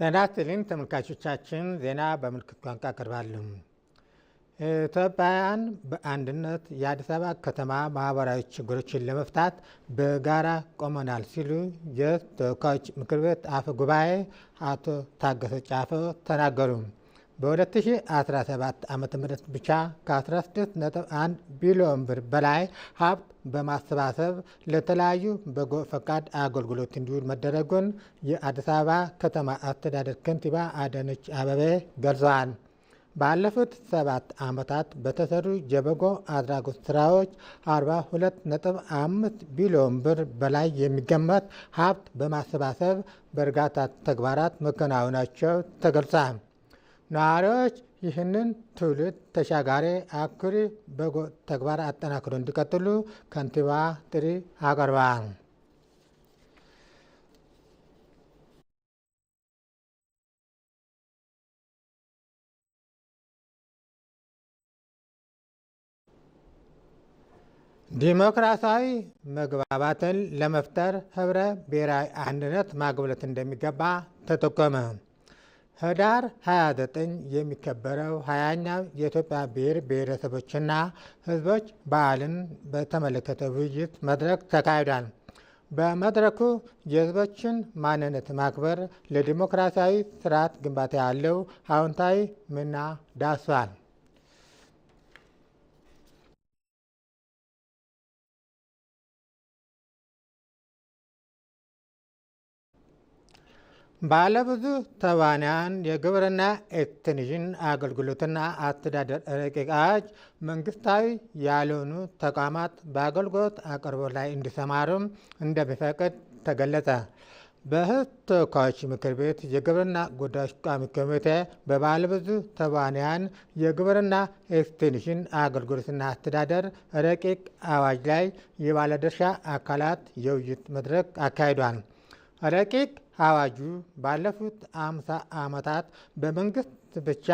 ጤና ይስጥልኝ ተመልካቾቻችን፣ ዜና በምልክት ቋንቋ አቀርባለሁ። ኢትዮጵያውያን በአንድነት የአዲስ አበባ ከተማ ማህበራዊ ችግሮችን ለመፍታት በጋራ ቆመናል ሲሉ የተወካዮች ምክር ቤት አፈ ጉባኤ አቶ ታገሰ ጫፈ ተናገሩ። በ2017 ዓ ም ብቻ ከ16.1 ቢሊዮን ብር በላይ ሀብት በማሰባሰብ ለተለያዩ በጎ ፈቃድ አገልግሎት እንዲውል መደረጉን የአዲስ አበባ ከተማ አስተዳደር ከንቲባ አዳነች አበቤ ገልጸዋል። ባለፉት ሰባት ዓመታት በተሰሩ የበጎ አድራጎት ስራዎች 42.5 ቢሊዮን ብር በላይ የሚገመት ሀብት በማሰባሰብ በእርጋታ ተግባራት መከናወናቸው ተገልጿል። ነዋሪዎች ይህንን ትውልድ ተሻጋሪ አኩሪ በጎ ተግባር አጠናክሮ እንዲቀጥሉ ከንቲባ ጥሪ አቀርባል። ዲሞክራሲያዊ መግባባትን ለመፍጠር ህብረ ብሔራዊ አንድነት ማግብለት እንደሚገባ ተጠቆመ። ህዳር 29 የሚከበረው ሀያኛው የኢትዮጵያ ብሔር ብሔረሰቦችና ህዝቦች በዓልን በተመለከተ ውይይት መድረክ ተካሂዷል። በመድረኩ የህዝቦችን ማንነት ማክበር ለዲሞክራሲያዊ ስርዓት ግንባታ ያለው አዎንታዊ ሚና ዳሷል። ባለብዙ ተዋንያን የግብርና ኤክስቴንሽን አገልግሎትና አስተዳደር ረቂቅ አዋጅ መንግስታዊ ያልሆኑ ተቋማት በአገልግሎት አቅርቦት ላይ እንዲሰማሩም እንደሚፈቅድ ተገለጸ። በሕዝብ ተወካዮች ምክር ቤት የግብርና ጉዳዮች ቋሚ ኮሚቴ በባለብዙ ተዋንያን የግብርና ኤክስቴንሽን አገልግሎትና አስተዳደር ረቂቅ አዋጅ ላይ የባለድርሻ አካላት የውይይት መድረክ አካሂዷል። ረቂቅ አዋጁ ባለፉት አምሳ ዓመታት በመንግስት ብቻ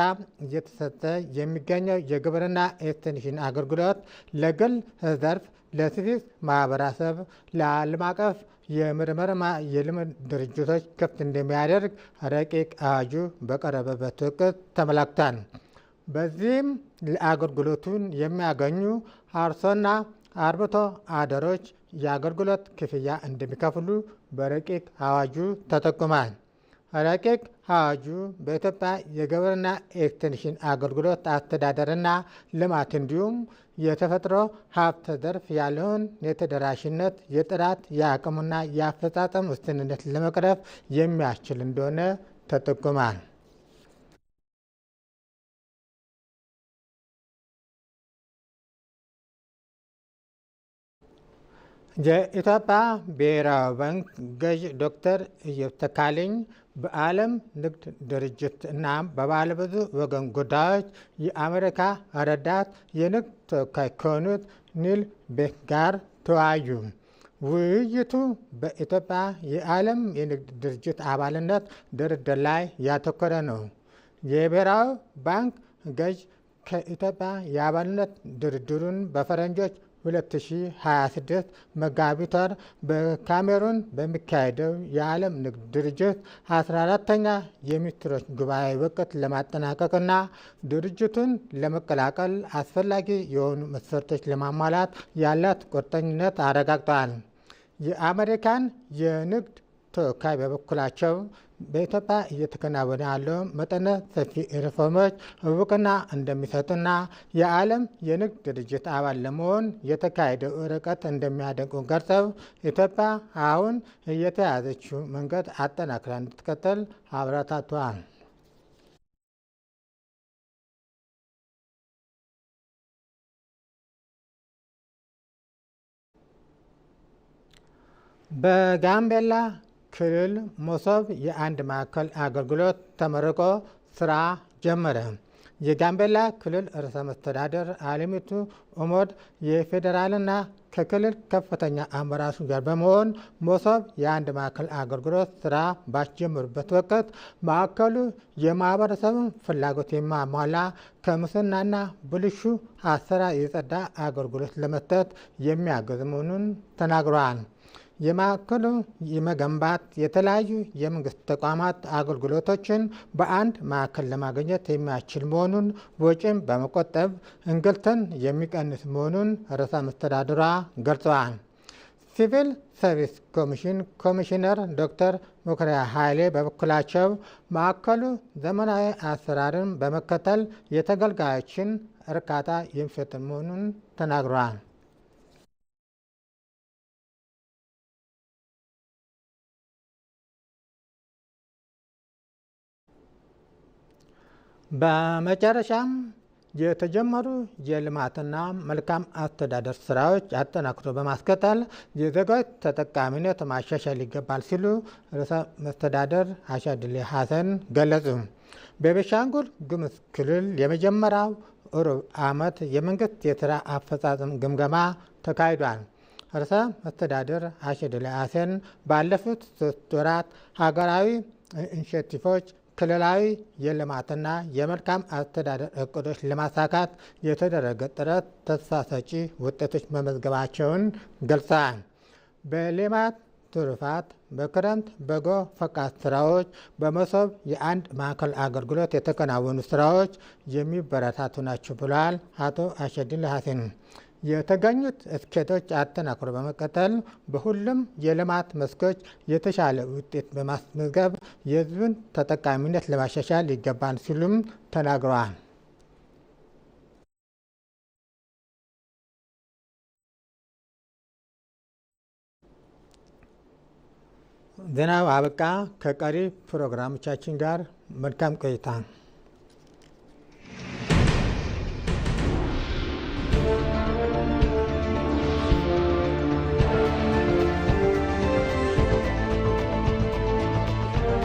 እየተሰጠ የሚገኘው የግብርና ኤክስቴንሽን አገልግሎት ለግል ዘርፍ፣ ለሲቪል ማህበረሰብ፣ ለዓለም አቀፍ የምርምርና የልምድ ድርጅቶች ክፍት እንደሚያደርግ ረቂቅ አዋጁ በቀረበበት ወቅት ተመላክቷል። በዚህም አገልግሎቱን የሚያገኙ አርሶና አርብቶ አደሮች የአገልግሎት ክፍያ እንደሚከፍሉ በረቂቅ አዋጁ ተጠቁሟል። ረቂቅ አዋጁ በኢትዮጵያ የግብርና ኤክስቴንሽን አገልግሎት አስተዳደርና ልማት እንዲሁም የተፈጥሮ ሀብት ዘርፍ ያለውን የተደራሽነት፣ የጥራት፣ የአቅሙና የአፈጻጸም ውስንነት ለመቅረፍ የሚያስችል እንደሆነ ተጠቁሟል። የኢትዮጵያ ብሔራዊ ባንክ ገዥ ዶክተር ተካልኝ በዓለም ንግድ ድርጅት እና በባለብዙ ወገን ጉዳዮች የአሜሪካ ረዳት የንግድ ተወካይ ከሆኑት ኒል ቤክ ጋር ተወያዩ። ውይይቱ በኢትዮጵያ የዓለም የንግድ ድርጅት አባልነት ድርድር ላይ ያተኮረ ነው። የብሔራዊ ባንክ ገዥ ከኢትዮጵያ የአባልነት ድርድሩን በፈረንጆች 2026 መጋቢት ወር በካሜሩን በሚካሄደው የዓለም ንግድ ድርጅት 14ተኛ የሚኒስትሮች ጉባኤ ወቅት ለማጠናቀቅና ድርጅቱን ለመቀላቀል አስፈላጊ የሆኑ መስፈርቶች ለማሟላት ያላት ቁርጠኝነት አረጋግጠዋል። የአሜሪካን የንግድ ተወካይ በበኩላቸው በኢትዮጵያ እየተከናወነ ያለው መጠነ ሰፊ ሪፎርሞች እውቅና እንደሚሰጡና የዓለም የንግድ ድርጅት አባል ለመሆን የተካሄደው ርቀት እንደሚያደንቁ ገልጸው ኢትዮጵያ አሁን እየተያዘችው መንገድ አጠናክራ እንድትቀጥል አብራታቷል። በጋምቤላ ክልል መሶብ የአንድ ማዕከል አገልግሎት ተመርቆ ስራ ጀመረ። የጋምቤላ ክልል ርዕሰ መስተዳደር አለሚቱ ኡሞድ የፌዴራልና ከክልል ከፍተኛ አመራሮች ጋር በመሆን መሶብ የአንድ ማዕከል አገልግሎት ስራ ባስጀመሩበት ወቅት ማዕከሉ የማህበረሰብን ፍላጎት የማሟላ ከሙስናና ብልሹ አሰራር የጸዳ አገልግሎት ለመስጠት የሚያገዝ መሆኑን ተናግረዋል። የማዕከሉ የመገንባት የተለያዩ የመንግስት ተቋማት አገልግሎቶችን በአንድ ማዕከል ለማግኘት የሚያስችል መሆኑን ወጪም በመቆጠብ እንግልትን የሚቀንስ መሆኑን ርዕሰ መስተዳድሯ ገልጸዋል። ሲቪል ሰርቪስ ኮሚሽን ኮሚሽነር ዶክተር ሙክሪያ ኃይሌ በበኩላቸው ማዕከሉ ዘመናዊ አሰራርን በመከተል የተገልጋዮችን እርካታ የሚሰጥ መሆኑን ተናግረዋል። በመጨረሻም የተጀመሩ የልማትና መልካም አስተዳደር ስራዎች አጠናክቶ በማስቀጠል የዜጎች ተጠቃሚነት ማሻሻል ይገባል ሲሉ ርዕሰ መስተዳደር አሻድሌ ሀሰን ገለጹ። በቤሻንጉል ጉሙዝ ክልል የመጀመሪያው ሩብ ዓመት የመንግስት የስራ አፈጻጸም ግምገማ ተካሂዷል። ርዕሰ መስተዳደር አሻድሌ ሀሰን ባለፉት ሶስት ወራት ሀገራዊ ኢንሼቲቮች ክልላዊ የልማትና የመልካም አስተዳደር እቅዶች ለማሳካት የተደረገ ጥረት ተስፋ ሰጪ ውጤቶች መመዝገባቸውን ገልጸዋል። በሌማት ትሩፋት በክረምት በጎ ፈቃድ ስራዎች በመሶብ የአንድ ማዕከል አገልግሎት የተከናወኑ ስራዎች የሚበረታቱ ናቸው ብለዋል አቶ አሸድል ሀሴን። የተገኙት ስኬቶች አጠናክሮ በመቀጠል በሁሉም የልማት መስኮች የተሻለ ውጤት በማስመዝገብ የሕዝብን ተጠቃሚነት ለማሻሻል ይገባል ሲሉም ተናግረዋል። ዜናው አበቃ። ከቀሪ ፕሮግራሞቻችን ጋር መልካም ቆይታ